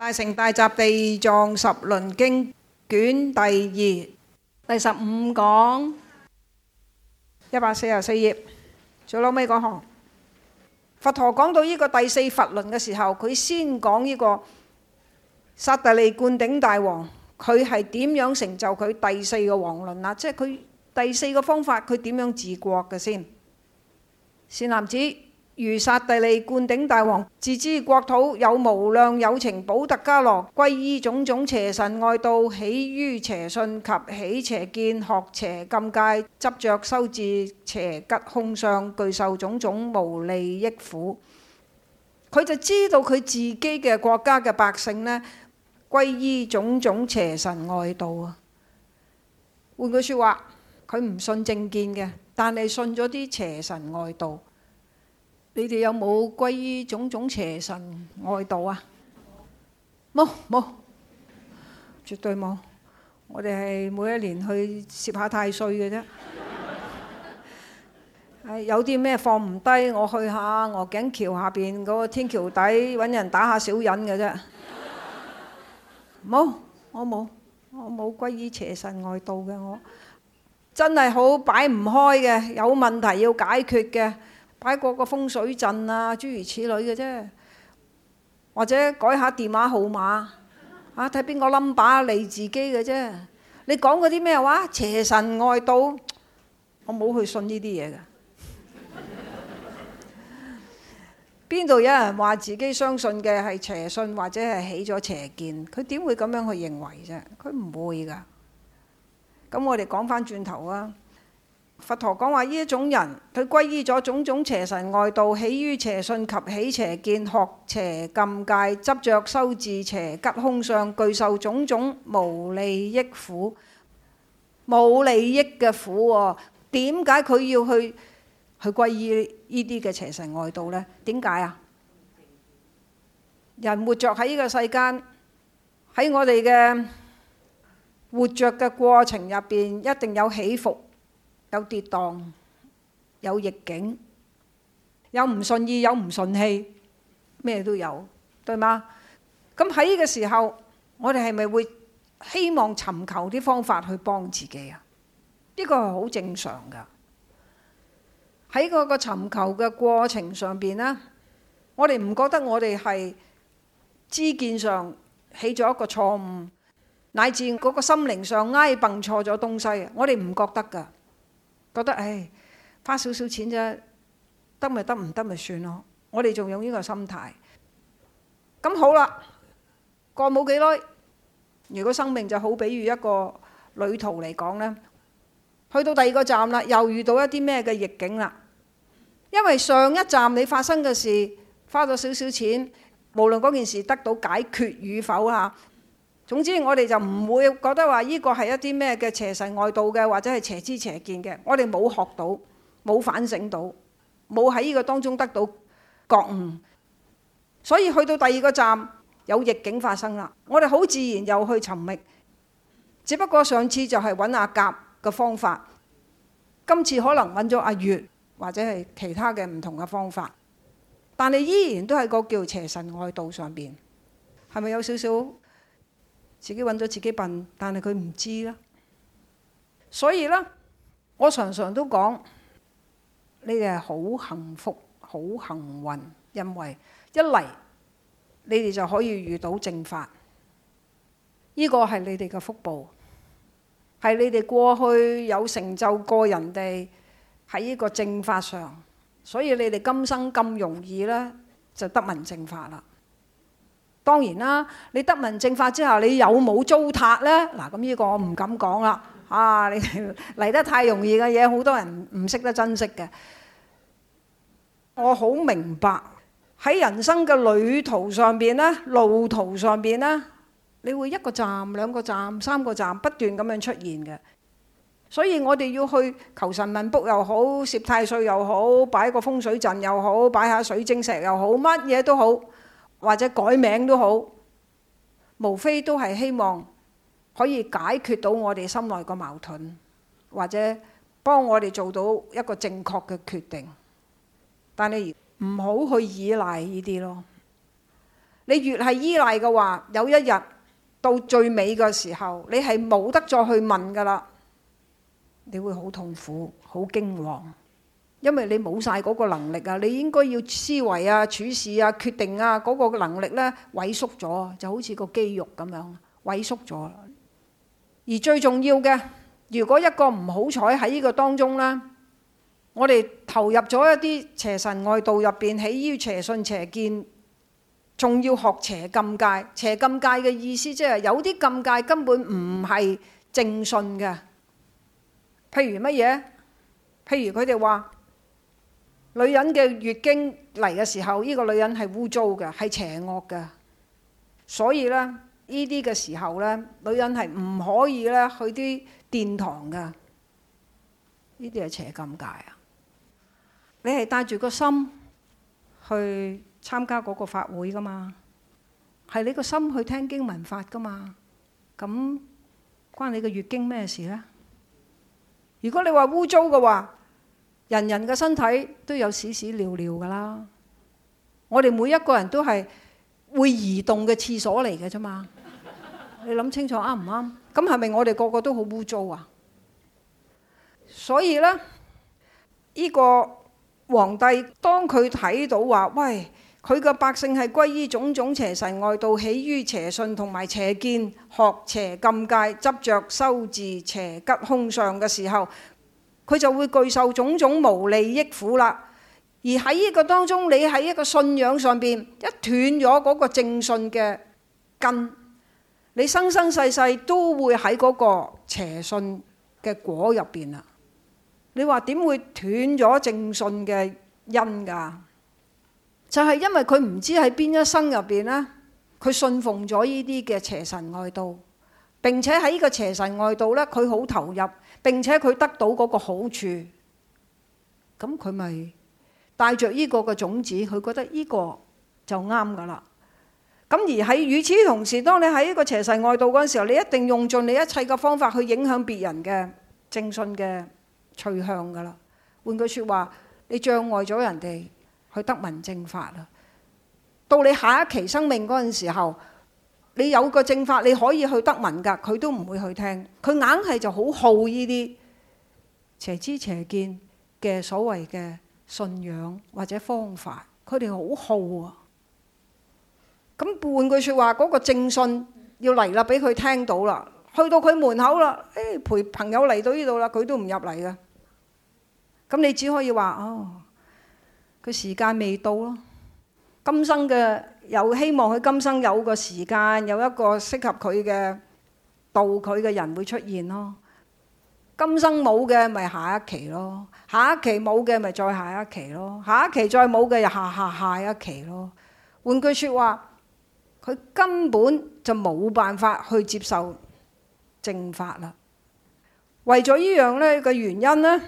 大乘大集地藏十輪經卷第二，第十五講，一百四十四頁最落尾嗰行，佛陀講到呢個第四佛輪嘅時候，佢先講呢個剎帝利灌頂大王，佢係點樣成就佢第四個王輪啦？即係佢第四個方法，佢點樣治國嘅先？善男子。如剎帝利灌頂大王，自知國土有無量有情，補特伽羅歸依種種邪神外道，起於邪信及起邪見，學邪禁戒，執着修治邪吉凶相，具受種種無利益苦。佢就知道佢自己嘅國家嘅百姓呢，歸依種種邪神外道啊！換句說話，佢唔信正見嘅，但係信咗啲邪神外道。你哋有冇歸依種種邪神外道啊？冇冇，絕對冇。我哋係每一年去攝下太歲嘅啫。有啲咩放唔低，我去下鵝頸橋下邊嗰個天橋底揾人打下小人嘅啫。冇， 我冇，我冇歸依邪神外道嘅我，真係好擺唔開嘅，有問題要解決嘅。擺過個風水陣啊，諸如此類嘅啫，或者改下電話號碼，啊睇邊個 number 你自己嘅啫。你講嗰啲咩話？邪神外道，我冇去信呢啲嘢噶。邊 度 有人話自己相信嘅係邪信或者係起咗邪見？佢點會咁樣去認為啫？佢唔會噶。咁我哋講翻轉頭啊！佛陀講話：呢一種人，佢歸依咗種種邪神外道，起於邪信及起邪見，學邪禁戒，執着修治邪吉凶相，具受種種無利益苦，冇利益嘅苦。點解佢要去去歸依呢啲嘅邪神外道呢？點解啊？人活着喺呢個世間，喺我哋嘅活着嘅過程入邊，一定有起伏。有跌宕，有逆境，有唔順意，有唔順氣，咩都有，對嗎？咁喺呢個時候，我哋係咪會希望尋求啲方法去幫自己啊？呢個係好正常噶。喺嗰個尋求嘅過程上邊呢，我哋唔覺得我哋係知見上起咗一個錯誤，乃至嗰個心靈上挨崩錯咗東西，我哋唔覺得㗎。覺得，唉，花少少錢啫，得咪得，唔得咪算咯。我哋仲有呢個心態。咁好啦，過冇幾耐，如果生命就好比如一個旅途嚟講呢，去到第二個站啦，又遇到一啲咩嘅逆境啦。因為上一站你發生嘅事，花咗少少錢，無論嗰件事得到解決與否啊。總之，我哋就唔會覺得話呢個係一啲咩嘅邪神外道嘅，或者係邪知邪見嘅。我哋冇學到，冇反省到，冇喺呢個當中得到覺悟。所以去到第二個站有逆境發生啦。我哋好自然又去尋覓。只不過上次就係揾阿甲嘅方法，今次可能揾咗阿月或者係其他嘅唔同嘅方法，但係依然都係個叫邪神外道上邊，係咪有少少？自己揾咗自己笨，但係佢唔知啦。所以呢，我常常都講：你哋係好幸福、好幸運，因為一嚟你哋就可以遇到正法，呢個係你哋嘅福報，係你哋過去有成就過人哋喺呢個正法上，所以你哋今生咁容易呢，就得聞正法啦。當然啦，你得聞正法之後，你有冇糟蹋咧？嗱，咁呢個我唔敢講啦。啊，你嚟得太容易嘅嘢，好多人唔識得珍惜嘅。我好明白喺人生嘅旅途上邊咧，路途上邊咧，你會一個站、兩個站、三個站不斷咁樣出現嘅。所以我哋要去求神問卜又好，攝太歲又好，擺個風水陣又好，擺下水晶石又好，乜嘢都好。或者改名都好，無非都係希望可以解決到我哋心內個矛盾，或者幫我哋做到一個正確嘅決定。但你唔好去依賴呢啲咯。你越係依賴嘅話，有一日到最尾嘅時候，你係冇得再去問㗎啦。你會好痛苦，好驚惶。因為你冇晒嗰個能力啊，你應該要思維啊、處事啊、決定啊嗰個能力呢萎縮咗，就好似個肌肉咁樣萎縮咗。而最重要嘅，如果一個唔好彩喺呢個當中咧，我哋投入咗一啲邪神外道入邊，起於邪信邪見，仲要學邪禁戒。邪禁戒嘅意思即係有啲禁戒根本唔係正信嘅，譬如乜嘢？譬如佢哋話。女人嘅月經嚟嘅時候，呢、這個女人係污糟嘅，係邪惡嘅，所以呢，呢啲嘅時候呢，女人係唔可以咧去啲殿堂嘅，呢啲係邪禁戒啊！你係帶住個心去參加嗰個法會噶嘛？係你個心去聽經聞法噶嘛？咁關你嘅月經咩事呢？如果你話污糟嘅話，人人嘅身體都有屎屎尿尿噶啦，我哋每一個人都係會移動嘅廁所嚟嘅啫嘛。你諗清楚啱唔啱？咁係咪我哋個個都好污糟啊？所以呢，呢個皇帝當佢睇到話，喂，佢嘅百姓係歸依種種邪神外道，起於邪信同埋邪見，學邪禁戒，執著修治邪吉凶相嘅時候，佢就會具受種種無利益苦啦。而喺呢個當中，你喺一個信仰上邊一斷咗嗰個正信嘅根，你生生世世都會喺嗰個邪信嘅果入邊啦。你話點會斷咗正信嘅因㗎？就係、是、因為佢唔知喺邊一生入邊咧，佢信奉咗呢啲嘅邪神外道，並且喺呢個邪神外道咧，佢好投入。並且佢得到嗰個好處，咁佢咪帶着呢個嘅種子，佢覺得呢個就啱噶啦。咁而喺與此同時，當你喺一個邪勢外道嗰陣時候，你一定用盡你一切嘅方法去影響別人嘅正信嘅趨向噶啦。換句説話，你障礙咗人哋去得聞正法啦。到你下一期生命嗰陣時候。你有個正法，你可以去得聞噶，佢都唔會去聽。佢硬係就好好呢啲邪知邪見嘅所謂嘅信仰或者方法，佢哋好好啊！咁換句説話，嗰個正信要嚟啦，俾佢聽到啦，去到佢門口啦，誒陪朋友嚟到呢度啦，佢都唔入嚟嘅。咁你只可以話哦，佢時間未到咯，今生嘅。又希望佢今生有個時間，有一個適合佢嘅度佢嘅人會出現咯。今生冇嘅，咪下一期咯；下一期冇嘅，咪再下一期咯；下一期再冇嘅，又下下下一期咯。換句説話，佢根本就冇辦法去接受正法啦。為咗呢樣咧嘅原因咧，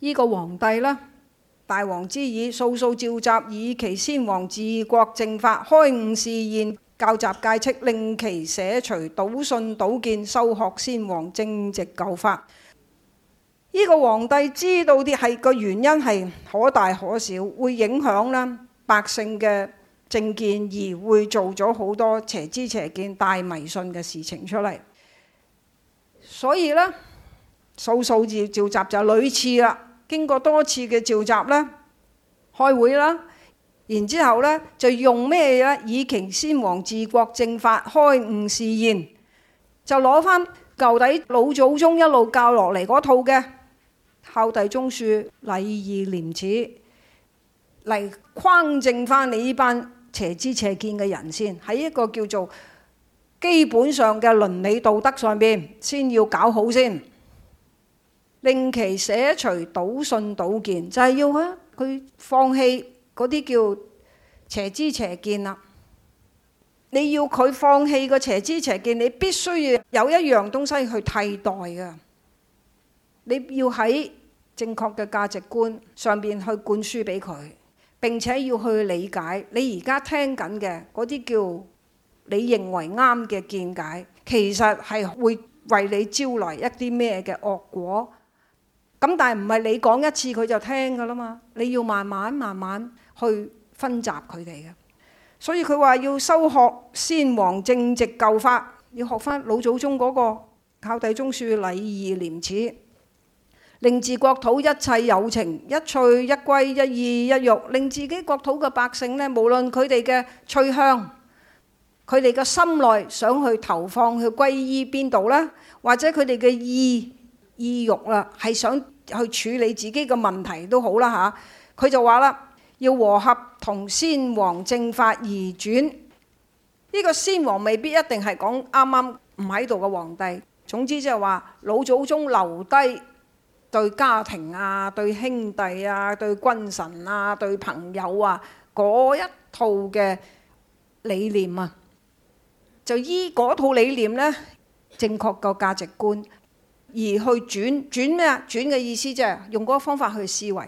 呢個皇帝咧。大王知已，數數召集，以其先王治國正法，開悟示現，教習誡勅，令其捨除倒信倒見，修學先王正直舊法。呢、這個皇帝知道啲係個原因係可大可小，會影響啦百姓嘅正見，而會做咗好多邪知邪見、大迷信嘅事情出嚟。所以呢數數召召集就屢次啦。經過多次嘅召集啦、開會啦，然之後呢，就用咩咧？以其先王治國正法開悟示現，就攞翻舊底老祖宗一路教落嚟嗰套嘅孝弟忠恕、禮義廉恥嚟匡正翻你呢班邪知邪見嘅人先，喺一個叫做基本上嘅倫理道德上邊先要搞好先。令其捨除倒信倒見，就係要佢佢放棄嗰啲叫邪知邪見啦。你要佢放棄個邪知邪見，你必須要有一樣東西去替代㗎。你要喺正確嘅價值觀上邊去灌輸俾佢，並且要去理解你而家聽緊嘅嗰啲叫你認為啱嘅見解，其實係會為你招來一啲咩嘅惡果。咁但係唔係你講一次佢就聽㗎啦嘛？你要慢慢慢慢去分集佢哋嘅，所以佢話要修學先王正直舊法，要學返老祖宗嗰個孝弟忠恕禮義廉恥，令自國土一切有情，一趣一歸，一意一欲，令自己國土嘅百姓咧，無論佢哋嘅趣向，佢哋嘅心內想去投放去歸依邊度啦，或者佢哋嘅意。意欲啦，係想去處理自己嘅問題都好啦嚇。佢就話啦，要和合同先王正法而轉。呢個先王未必一定係講啱啱唔喺度嘅皇帝。總之即係話老祖宗留低對家庭啊、對兄弟啊、對君臣啊、對朋友啊嗰一套嘅理念啊，就依嗰套理念呢，正確嘅價值觀。而去轉轉咩啊？轉嘅意思啫、就是，用嗰個方法去思維。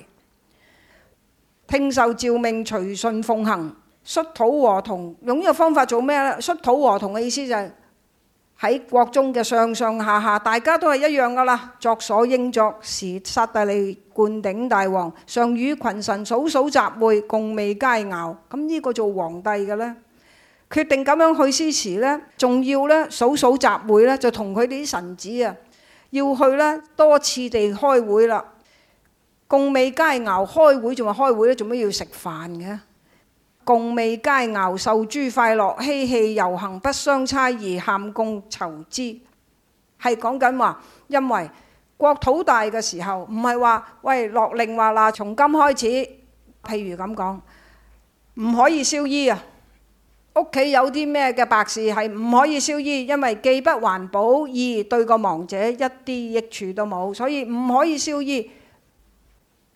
聽受詔命，隨順奉行，率土和同。用呢個方法做咩呢？率土和同嘅意思就係、是、喺國中嘅上上下下，大家都係一樣噶啦。作所應作，時剎帝利灌頂大王，常與群臣數數集會，共味嘉餚。咁、這、呢個做皇帝嘅呢，決定咁樣去施詞呢，仲要呢數數集會呢，就同佢哋啲臣子啊。要去咧多次地開會啦，共味嘉餚，開會仲話開會呢？做咩要食飯嘅？共味嘉餚，受諸快樂，嬉戲遊行，不相猜貳，咸共疇咨。係講緊話，因為國土大嘅時候，唔係話喂落令話嗱，從今開始，譬如咁講，唔可以燒衣啊！屋企有啲咩嘅白事係唔可以燒衣，因為既不環保，二對個亡者一啲益處都冇，所以唔可以燒衣。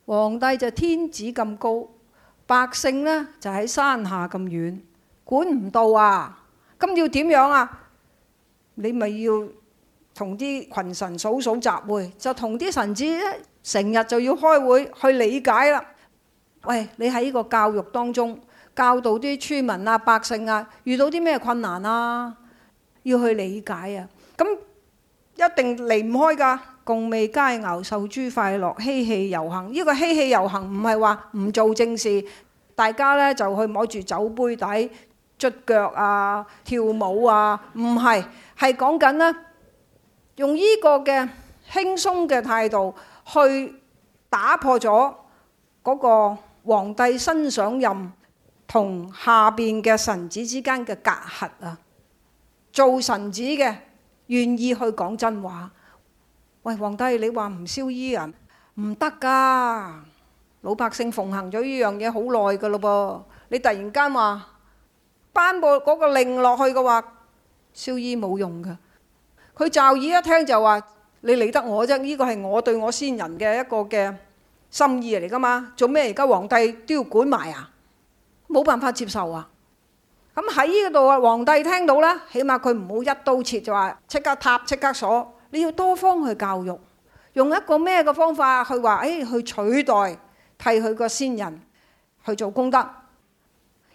皇帝就天子咁高，百姓呢就喺山下咁遠，管唔到啊！咁要點樣啊？你咪要同啲群臣數數集會，就同啲臣子咧成日就要開會去理解啦。喂，你喺呢個教育當中。教導啲村民啊、百姓啊，遇到啲咩困難啊，要去理解啊。咁一定離唔開㗎。共味嘉餚，受諸快樂，嬉戲遊行。呢、呢個嬉戲遊行唔係話唔做正事，大家咧就去摸住酒杯底、捽腳啊、跳舞啊，唔係，係講緊呢，用呢個嘅輕鬆嘅態度去打破咗嗰個皇帝新上任，同下邊嘅臣子之間嘅隔閡啊，做臣子嘅願意去講真話。喂，皇帝，你話唔燒衣人唔得噶，老百姓奉行咗呢樣嘢好耐噶咯噃。你突然間話頒布嗰個令落去嘅話，燒衣冇用噶。佢就耳一聽就話：你理得我啫？呢個係我對我先人嘅一個嘅心意嚟噶嘛。做咩而家皇帝都要管埋啊？冇辦法接受啊！咁喺呢度啊，皇帝聽到咧，起碼佢唔好一刀切就，就話即刻塌即刻鎖。你要多方去教育，用一個咩嘅方法去話誒、哎、去取代替佢個先人去做功德，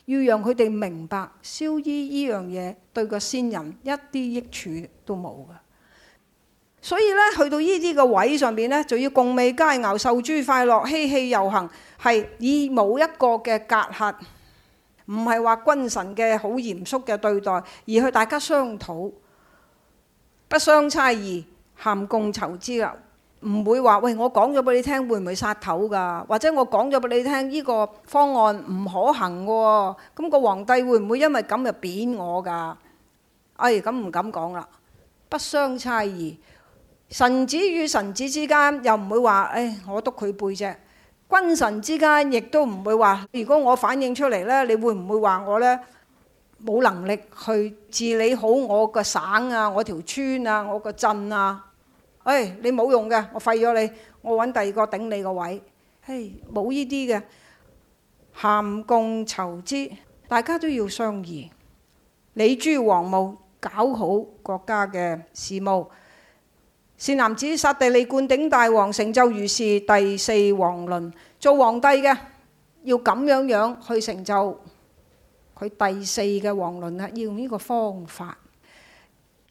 要讓佢哋明白燒衣呢樣嘢對個先人一啲益處都冇嘅。所以咧，去到呢啲嘅位上面咧，就要共味嘉餚、受諸快樂，嬉戲遊行，係以冇一個嘅隔閡。唔係話君臣嘅好嚴肅嘅對待，而去大家商討，不相猜疑，咸共疇咨。啊，唔會話喂，我講咗俾你聽，會唔會殺頭噶？或者我講咗俾你聽，呢、這個方案唔可行嘅喎。咁、那個皇帝會唔會因為咁就扁我噶？哎，咁唔敢講啦。不相猜疑，臣子與臣子之間又唔會話，哎，我督佢背啫。君臣之間亦都唔會話，如果我反映出嚟呢，你會唔會話我呢？冇能力去治理好我個省啊、我條村啊、我個鎮啊？唉、哎，你冇用嘅，我廢咗你，我揾第二個頂你個位。嘿，冇呢啲嘅，咸共疇咨，大家都要商議，理諸王務，搞好國家嘅事務。善男子，剎帝利灌頂大王成就如是第四王輪，做皇帝嘅要咁樣樣去成就佢第四嘅王輪啦。要用呢個方法，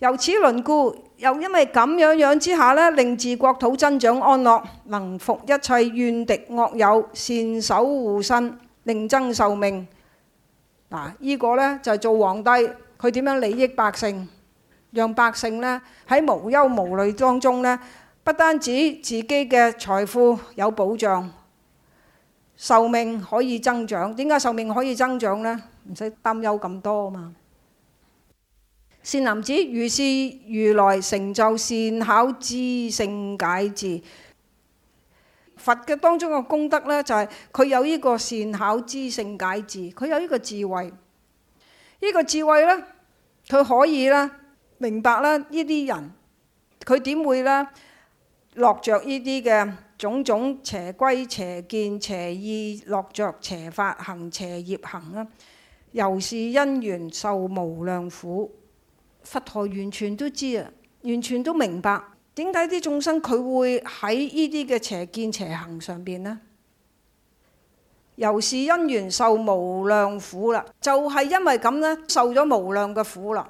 由此輪故，又因為咁樣樣之下咧，令自國土增長安樂，能服一切怨敵惡友，善守護身，令增壽命。嗱，呢個咧就係做皇帝，佢點樣利益百姓？讓百姓咧喺無憂無慮當中咧，不單止自己嘅財富有保障，壽命可以增長。點解壽命可以增長咧？唔使擔憂咁多啊嘛！善男子，如是如來成就善巧知勝解智，佛嘅當中嘅功德咧就係佢有呢個善巧知勝解智，佢有呢個智慧，呢個智慧咧，佢可以咧。明白啦，呢啲人佢點會呢？落着呢啲嘅種種邪歸邪見邪意，落着邪法行邪業行啊？由是因緣受無量苦，佛陀完全都知啊，完全都明白點解啲眾生佢會喺呢啲嘅邪見邪行上面呢？由是因緣受無量苦啦，就係、是、因為咁呢，受咗無量嘅苦啦。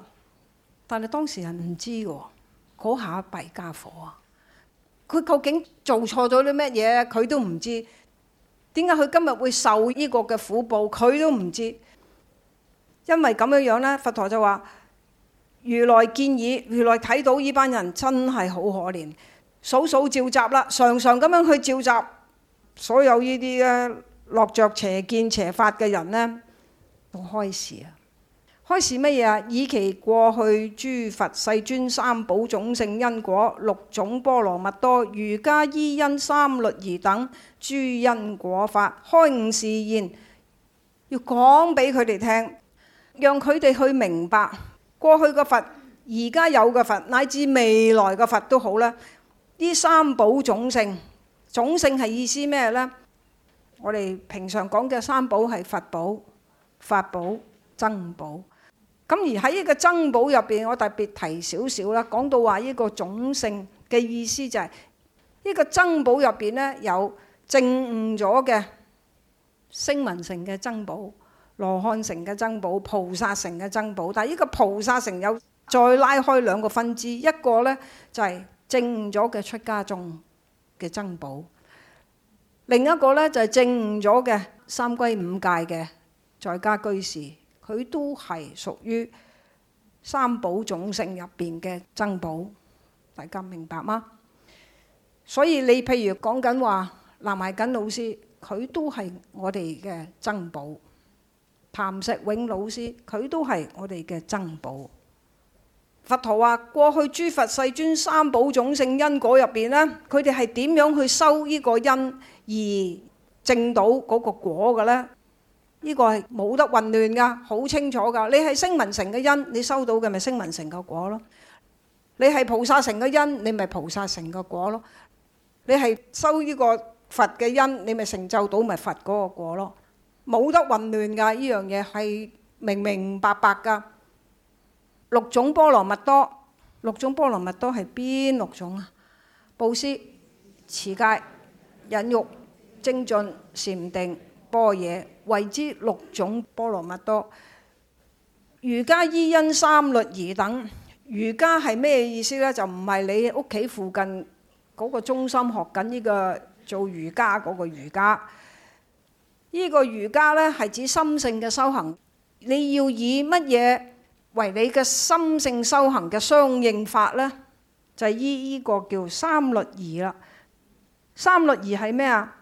但係當時人唔知喎，嗰下弊家伙啊！佢究竟做錯咗啲咩嘢？佢都唔知點解佢今日會受呢個嘅苦報，佢都唔知。因為咁樣樣呢，佛陀就話：如來見已，如來睇到呢班人真係好可憐，數數召集啦，常常咁樣去召集所有呢啲咧落着邪見邪法嘅人呢。始」到開示啊！開示咩嘢啊？以其過去諸佛世尊三寶種性因果、六種波羅蜜多、瑜伽依因三律儀等諸因果法開悟示現，要講俾佢哋聽，讓佢哋去明白過去個佛，而家有嘅佛，乃至未來嘅佛都好啦。呢三寶種性，種性係意思咩呢？我哋平常講嘅三寶係佛寶、法寶、僧寶。咁而喺呢個僧寶入邊，我特別提少少啦。講到話呢個種性嘅意思，就係呢個僧寶入邊咧，有證悟咗嘅聲聞乘嘅僧寶、羅漢乘嘅僧寶、菩薩乘嘅僧寶。但係呢個菩薩乘有再拉開兩個分支，一個咧就係證悟咗嘅出家眾嘅僧寶，另一個咧就係證悟咗嘅三歸五戒嘅在家居士。佢都係屬於三寶種性入邊嘅僧寶，大家明白嗎？所以你譬如講緊話，南懷瑾老師佢都係我哋嘅僧寶，談錫永老師佢都係我哋嘅僧寶。佛陀話：過去諸佛世尊三寶種性因果入邊呢，佢哋係點樣去修呢個因而證到嗰個果嘅呢？呢個係冇得混亂噶，好清楚噶。你係聲聞成嘅因，你收到嘅咪聲聞成嘅果咯。你係菩薩成嘅因，你咪菩薩成嘅果咯。你係收呢個佛嘅因，你咪成就到咪佛嗰個果咯。冇得混亂噶，呢樣嘢係明明白白噶。六種波羅蜜多，六種波羅蜜多係邊六種啊？佈施、持戒、忍辱、精進、禪定。波嘢為之六種波羅蜜多，瑜伽依因三律儀等。瑜伽係咩意思呢？就唔係你屋企附近嗰個中心學緊呢個做瑜伽嗰個瑜伽。呢、這個瑜伽呢，係指心性嘅修行。你要以乜嘢為你嘅心性修行嘅相應法呢？就係、是、依依個叫三律儀啦。三律儀係咩啊？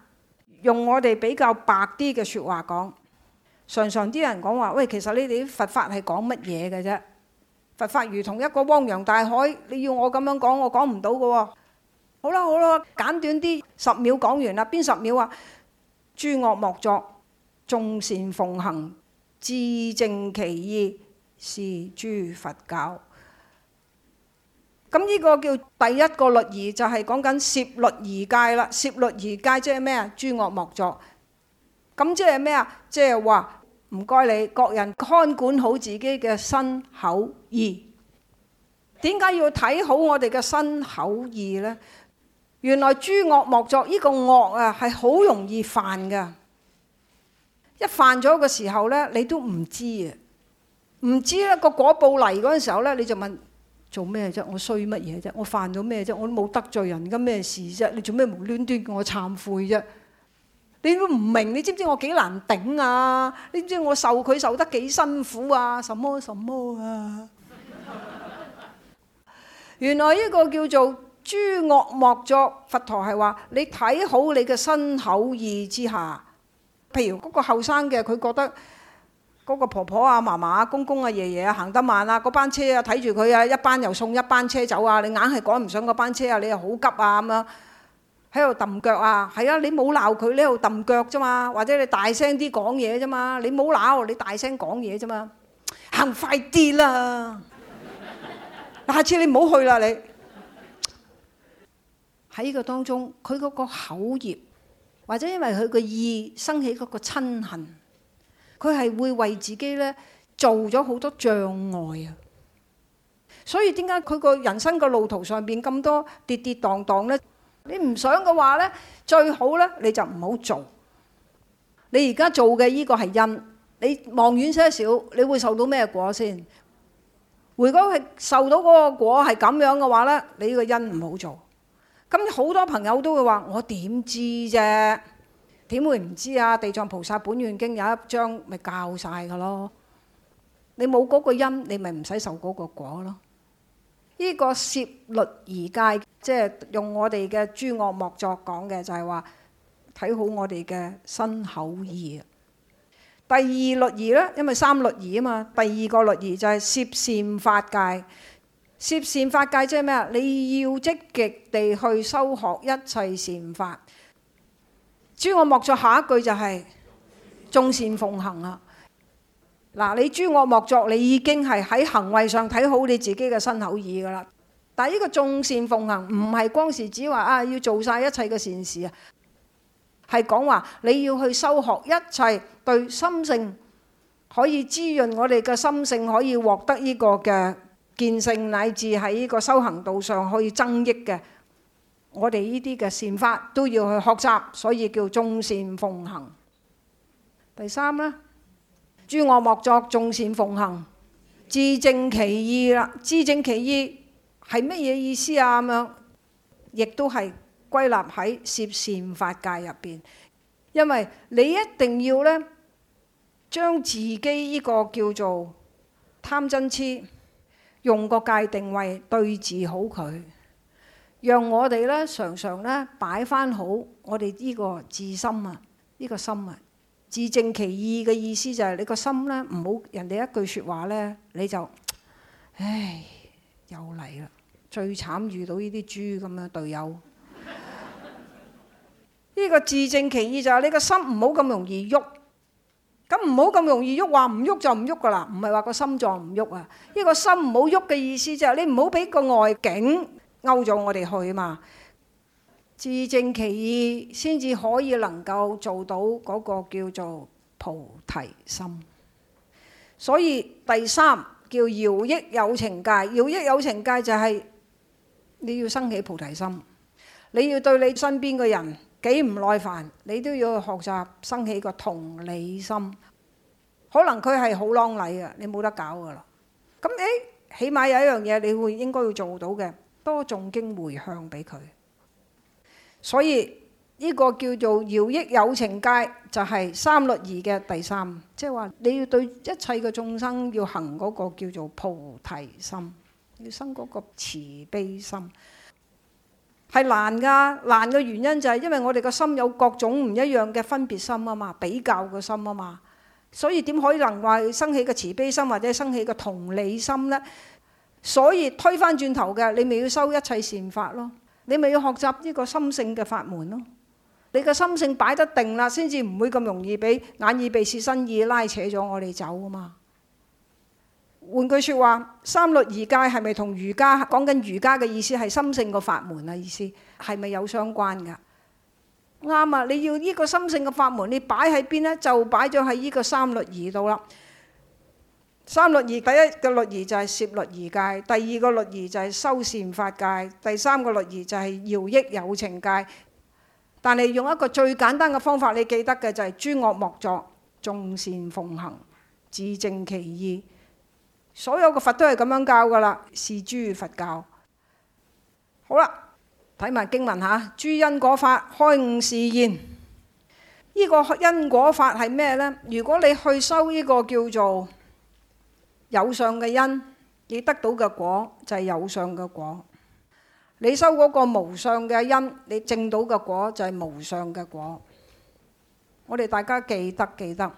用我哋比較白啲嘅説話講，常常啲人講話，喂，其實你哋啲佛法係講乜嘢嘅啫？佛法如同一個汪洋大海，你要我咁樣講，我講唔到嘅喎。好啦好啦，簡短啲，十秒講完啦。邊十秒啊？諸惡莫作，眾善奉行，自正其意，是諸佛教。咁呢個叫第一個律儀，就係講緊涉律儀戒啦。涉律儀戒即係咩啊？諸惡莫作。咁即係咩啊？即係話唔該你，各人看管好自己嘅身口意。點解要睇好我哋嘅身口意呢？原來諸惡莫作呢、呢個惡啊，係好容易犯噶。一犯咗嘅時候呢，你都唔知啊。唔知呢個果報嚟嗰陣時候呢，你就問。做咩啫？我衰乜嘢啫？我犯咗咩啫？我冇得罪人嘅咩事啫？你做咩無端端叫我懺悔啫？你都唔明？你知唔知我幾難頂啊？你知唔知我受佢受得幾辛苦啊？什麼什麼啊？ 原來呢個叫做諸惡莫作，佛陀係話你睇好你嘅身口意之下。譬如嗰個後生嘅，佢覺得。嗰個婆婆啊、嫲嫲啊、公公啊、爺爺啊，行得慢啦，嗰班車啊，睇住佢啊，一班又送一班車走啊，你硬係趕唔上嗰班車啊，你又好急啊咁樣，喺度揼腳啊，係啊，你冇鬧佢，你喺度揼腳啫嘛，或者你大聲啲講嘢啫嘛，你冇鬧，你大聲講嘢啫嘛，行快啲啦，下次你唔好去啦你，喺呢個當中，佢嗰個口業，或者因為佢個意生起嗰個親恨。佢係會為自己咧做咗好多障礙啊！所以點解佢個人生個路途上邊咁多跌跌蕩蕩咧？你唔想嘅話咧，最好咧你就唔好做。你而家做嘅依個係因，你望遠些少，你會受到咩果先？如果係受到嗰個果係咁樣嘅話咧，你依個因唔好做。咁好多朋友都會話：我點知啫？點會唔知啊？地藏菩薩本願經有一章，咪教晒嘅咯。你冇嗰個因，你咪唔使受嗰個果咯。呢、這個攝律儀戒，即係用我哋嘅諸惡莫作講嘅，就係話睇好我哋嘅身口意。第二律儀咧，因為三律儀啊嘛，第二個律儀就係攝善法戒。攝善法戒即係咩啊？你要積極地去修學一切善法。諸惡莫作，下一句就係眾善奉行啊！嗱，你諸惡莫作，你已經係喺行為上睇好你自己嘅身口意噶啦。但係呢個眾善奉行唔係光是指話啊要做晒一切嘅善事啊，係講話你要去修學一切對心性可以滋潤我哋嘅心性，可以獲得呢個嘅見性，乃至喺呢個修行道上可以增益嘅。我哋呢啲嘅善法都要去學習，所以叫眾善奉行。第三啦，諸惡莫作，眾善奉行，自正其意啦。自正其意係乜嘢意思啊？咁樣亦都係歸納喺涉善法界入邊，因為你一定要呢，將自己呢個叫做貪嗔痴，用個界定位對治好佢。讓我哋咧，常常咧擺翻好我哋呢個自心啊，呢、這個心啊，自正其意嘅意思就係、是、你個心咧唔好人哋一句説話咧你就，唉，又嚟啦！最慘遇到呢啲豬咁樣隊友。呢 個自正其意就係、是、你心就心、這個心唔好咁容易喐，咁唔好咁容易喐話唔喐就唔喐㗎啦，唔係話個心臟唔喐啊。呢個心唔好喐嘅意思就係、是、你唔好俾個外景。勾咗我哋去嘛？自證其意先至可以能夠做到嗰個叫做菩提心。所以第三叫饒益有情戒，饒益有情戒就係、是、你要生起菩提心，你要對你身邊嘅人幾唔耐煩，你都要學習生起個同理心。可能佢係好啷禮啊，你冇得搞噶啦。咁誒、哎、起碼有一樣嘢，你會應該要做到嘅。多重經回向俾佢，所以呢個叫做饒益有情戒，就係三律儀嘅第三，即係話你要對一切嘅眾生要行嗰個叫做菩提心，要生嗰個慈悲心，係難噶。難嘅原因就係因為我哋個心有各種唔一樣嘅分別心啊嘛，比較個心啊嘛，所以點可以能話生起個慈悲心或者生起個同理心呢？所以推翻轉頭嘅，你咪要修一切善法咯，你咪要學習呢個心性嘅法門咯。你個心性擺得定啦，先至唔會咁容易俾眼耳鼻舌身意拉扯咗我哋走啊嘛。換句説話，三律儀戒係咪同瑜伽？講緊瑜伽嘅意思係心性嘅法門啊，意思係咪有相關噶？啱啊！你要呢個心性嘅法門，你擺喺邊咧？就擺咗喺呢個三律儀度啦。三律儀，第一個律儀就係攝律儀戒；第二個律儀就係修善法戒；第三個律儀就係饒益有情戒。但係用一個最簡單嘅方法，你記得嘅就係諸惡莫作，眾善奉行，自正其意。所有嘅佛都係咁樣教噶啦，是諸佛教。好啦，睇埋經文吓，諸因果法開悟示現。呢、呢個因果法係咩呢？如果你去修呢個叫做有上嘅因，你得到嘅果就係、是、有上嘅果；你收嗰個無上嘅因，你證到嘅果就係、是、無上嘅果。我哋大家記得記得，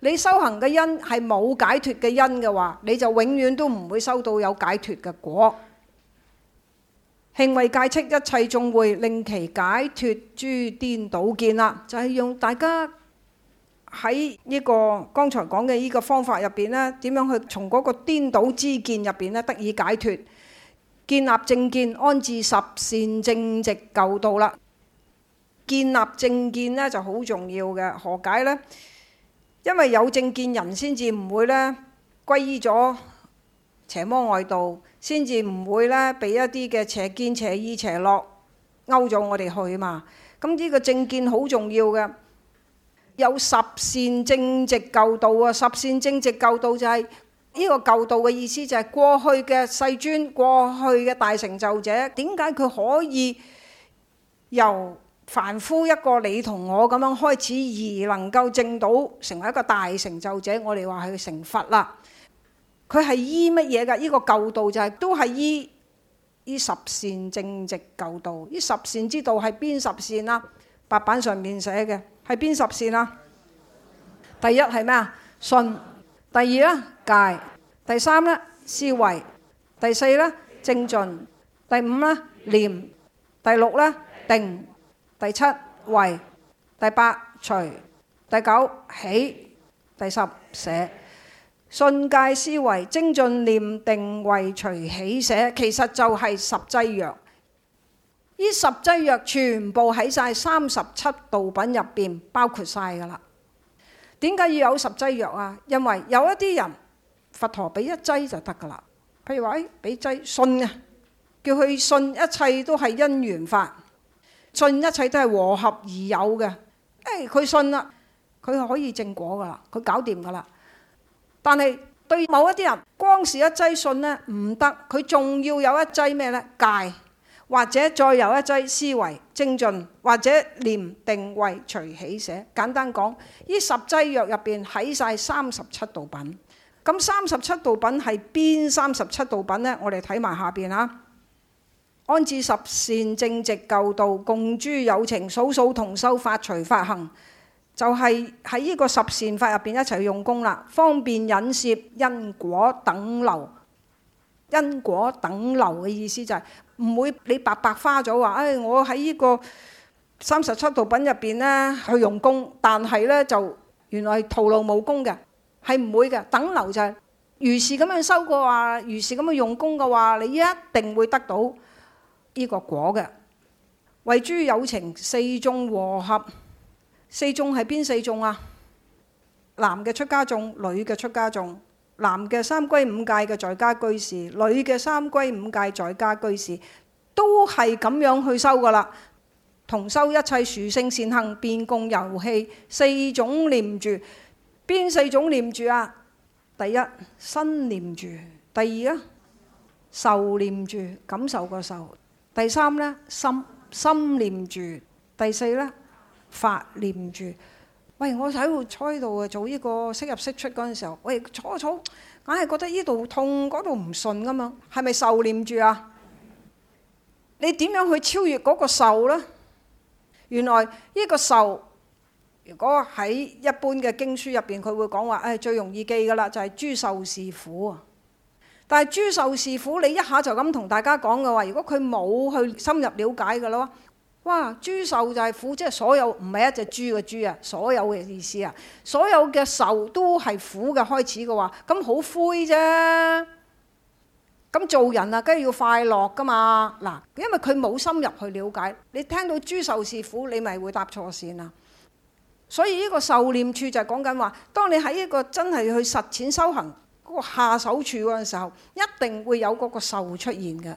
你修行嘅因係冇解脫嘅因嘅話，你就永遠都唔會收到有解脫嘅果。慶慰誡勅，一切眾會令其解脫諸顛倒見啦，就係、是、用大家。喺呢個剛才講嘅呢個方法入邊呢，點樣去從嗰個顛倒之見入邊咧得以解脱？建立正見，安置十善正直舊道啦。建立正見呢就好重要嘅，何解呢？因為有正見，人先至唔會呢歸依咗邪魔外道，先至唔會呢被一啲嘅邪見、邪意、邪樂勾咗我哋去嘛。咁、這、呢個正見好重要嘅。有十善正直舊道啊！十善正直舊道就係、是、呢、這個舊道嘅意思、就是，就係過去嘅世尊，過去嘅大成就者，點解佢可以由凡夫一個你同我咁樣開始而能夠證到成為一個大成就者？我哋話係成佛啦。佢係依乜嘢㗎？依、這個舊道就係、是、都係依依十善正直舊道。呢十善之道係邊十善啊？白板上面寫嘅。係邊十善啊？第一係咩啊？信。第二咧，戒。第三咧，思惟。第四咧，精進。第五咧，念。第六咧，定。第七，慧。第八，除。第九，喜；第十，捨。信、戒、思惟、精進、念、定、慧、除、喜，喜捨，其實就係十劑藥。呢十劑藥全部喺晒三十七道品入邊，包括晒噶啦。點解要有十劑藥啊？因為有一啲人，佛陀俾一劑就得噶啦。譬如話，誒俾劑信啊，叫佢信一切都係因緣法，信一切都係和合而有嘅。誒、哎、佢信啦，佢可以證果噶啦，佢搞掂噶啦。但係對某一啲人，光是一劑信呢，唔得，佢仲要有一劑咩呢？戒。或者再由一劑思維精進，或者念定慧隨起捨。簡單講，呢十劑藥入邊喺晒三十七道品。咁三十七道品係邊三十七道品呢？我哋睇埋下邊啊。安置十善正直舊道共諸有情，數數同修法隨法行，就係喺呢個十善法入邊一齊用功啦。方便引攝因果等流，因果等流嘅意思就係、是。唔會你白白花咗話，唉、哎！我喺呢個三十七道品入邊咧去用功，但係咧就原來徒勞無功嘅，係唔會嘅。等流就係、是、如是咁樣修過啊，如是咁樣用功嘅話，你一定會得到呢個果嘅。為諸有情四眾和合，四眾係邊四眾啊？男嘅出家眾，女嘅出家眾。男嘅三皈五戒嘅在家居士，女嘅三皈五戒在家居士，都係咁樣去修㗎喇。同修一切殊勝善行，便共遊戲四種念住，邊四種念住啊？第一，身念住。第二啊，受念住，感受個受。第三咧，心心念住。第四咧，法念住。喂，我喺度坐喺度做呢個息入息出嗰陣時候，喂坐一坐，硬係覺得呢度痛，嗰度唔順㗎嘛，係咪受念住啊？你點樣去超越嗰個受呢？原來呢個受，如果喺一般嘅經書入邊，佢會講話，誒、哎、最容易記噶啦，就係、是、諸受是苦啊。但係諸受是苦，你一下就咁同大家講嘅話，如果佢冇去深入了解嘅咯。哇！諸受就係苦，即係所有唔係一隻豬嘅豬啊，所有嘅意思啊，所有嘅受都係苦嘅開始嘅話，咁好灰啫。咁做人啊，梗係要快樂噶嘛。嗱，因為佢冇深入去了解，你聽到諸受是苦，你咪會搭錯線啦。所以呢個受念處就係講緊話，當你喺一個真係去實踐修行嗰個下手處嘅時候，一定會有嗰個受出現嘅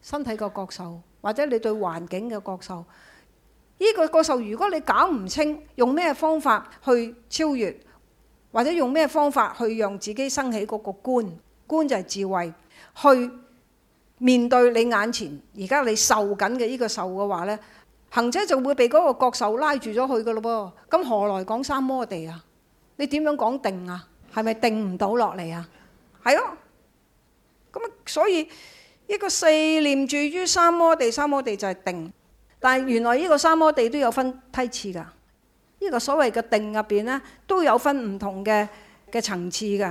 身體個覺受。或者你對環境嘅覺受，呢個覺受，如果你搞唔清，用咩方法去超越，或者用咩方法去讓自己升起嗰個觀，觀就係智慧，去面對你眼前而家你受緊嘅呢個受嘅話呢，行者就會被嗰個覺受拉住咗去嘅咯噃，咁何來講三摩地啊？你點樣講定啊？係咪定唔到落嚟啊？係咯、啊，咁所以。一個四念住於三摩地，三摩地就係定。但係原來呢個三摩地都有分梯次噶。呢、這個所謂嘅定入邊呢，都有分唔同嘅嘅層次噶。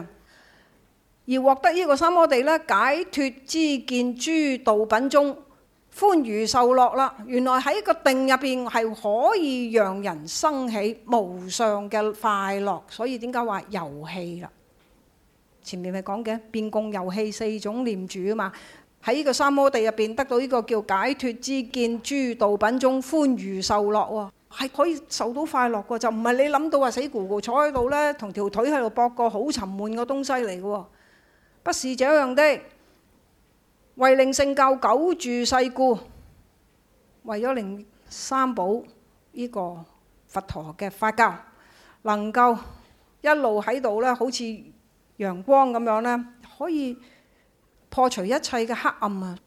而獲得呢個三摩地呢，解脫知見諸道品中，歡娛受樂啦。原來喺個定入邊係可以讓人生起無上嘅快樂。所以點解話遊戲啦？前面咪講嘅便共遊戲四種念住啊嘛。喺呢個三摩地入邊得到呢個叫解脫知見，諸道品中歡娛受樂喎，係可以受到快樂嘅，就唔係你諗到話死咕咕坐喺度呢，同條腿喺度搏個好沉悶嘅東西嚟嘅，不是這樣的。為令聖教久住世故，為咗令三寶呢個佛陀嘅法教能夠一路喺度呢，好似陽光咁樣呢，可以。破除一切嘅黑暗啊，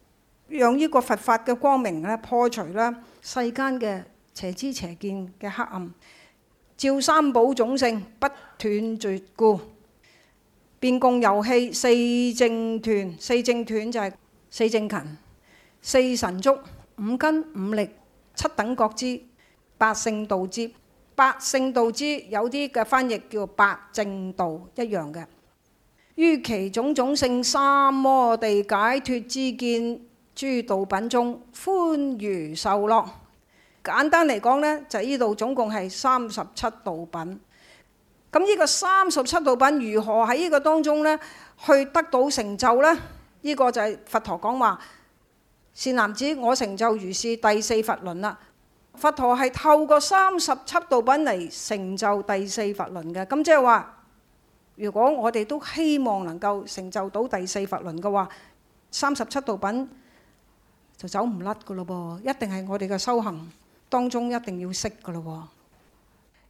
讓呢個佛法嘅光明咧，破除啦世間嘅邪知邪見嘅黑暗，紹三寶種不斷絕故，便共遊戲四正斷。四正斷就係四正勤、四神足、五根、五力、七等覺支、八聖道支。八聖道支有啲嘅翻譯叫八正道一樣嘅。於其種種勝三摩地解脫知見諸道品中，歡娛受樂。簡單嚟講呢，就係呢度總共係三十七道品。咁呢個三十七道品如何喺呢個當中呢去得到成就呢？呢個就係佛陀講話：善男子，我成就如是第四佛輪啦。佛陀係透過三十七道品嚟成就第四佛輪嘅。咁即係話。如果我哋都希望能夠成就到第四佛輪嘅話，三十七道品就走唔甩噶咯噃，一定係我哋嘅修行當中一定要識噶咯。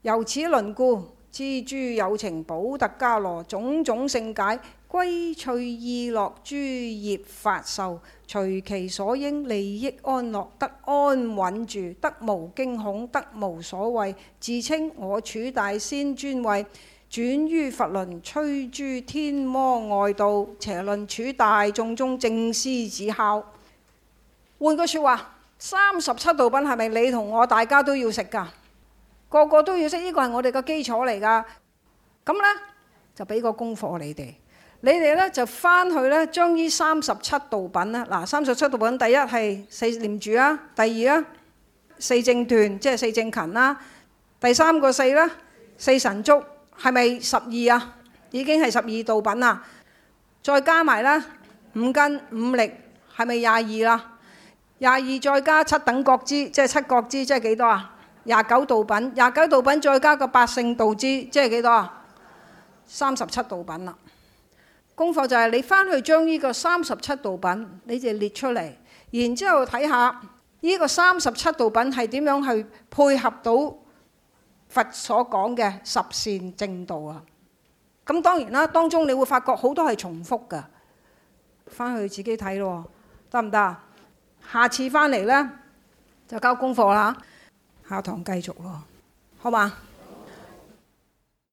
由此輪故，知諸有情，補特伽羅，種種勝解，歸趣意樂，諸業法受，隨其所應，利益安樂，得安穩住，得無驚恐，得無所畏，自稱我處大仙尊位。轉於佛輪，摧諸天魔外道，邪論，處大眾中，正師子吼。換句說話，三十七道品係咪你同我大家都要食噶？個個都要識，呢個係我哋嘅基礎嚟噶。咁呢，就俾個功課你哋，你哋呢，就翻去咧，將呢三十七道品咧，嗱，三十七道品第一係四念住啊，第二咧四正斷，即係四正勤啦，第三個四咧四神足。係咪十二啊？已經係十二道品啦。再加埋咧五根五力，係咪廿二啦？廿二、啊、再加七等覺支，即係七覺支，即係幾多啊？廿九道品，廿九道品再加個八聖道支，即係幾多啊？三十七道品啦。功課就係你翻去將呢個三十七道品，你哋列出嚟，然之後睇下呢個三十七道品係點樣去配合到。佛所講嘅十善正道啊，咁當然啦，當中你會發覺好多係重複噶，翻去自己睇咯，得唔得啊？下次翻嚟呢，就交功課啦，下堂繼續咯，好嘛？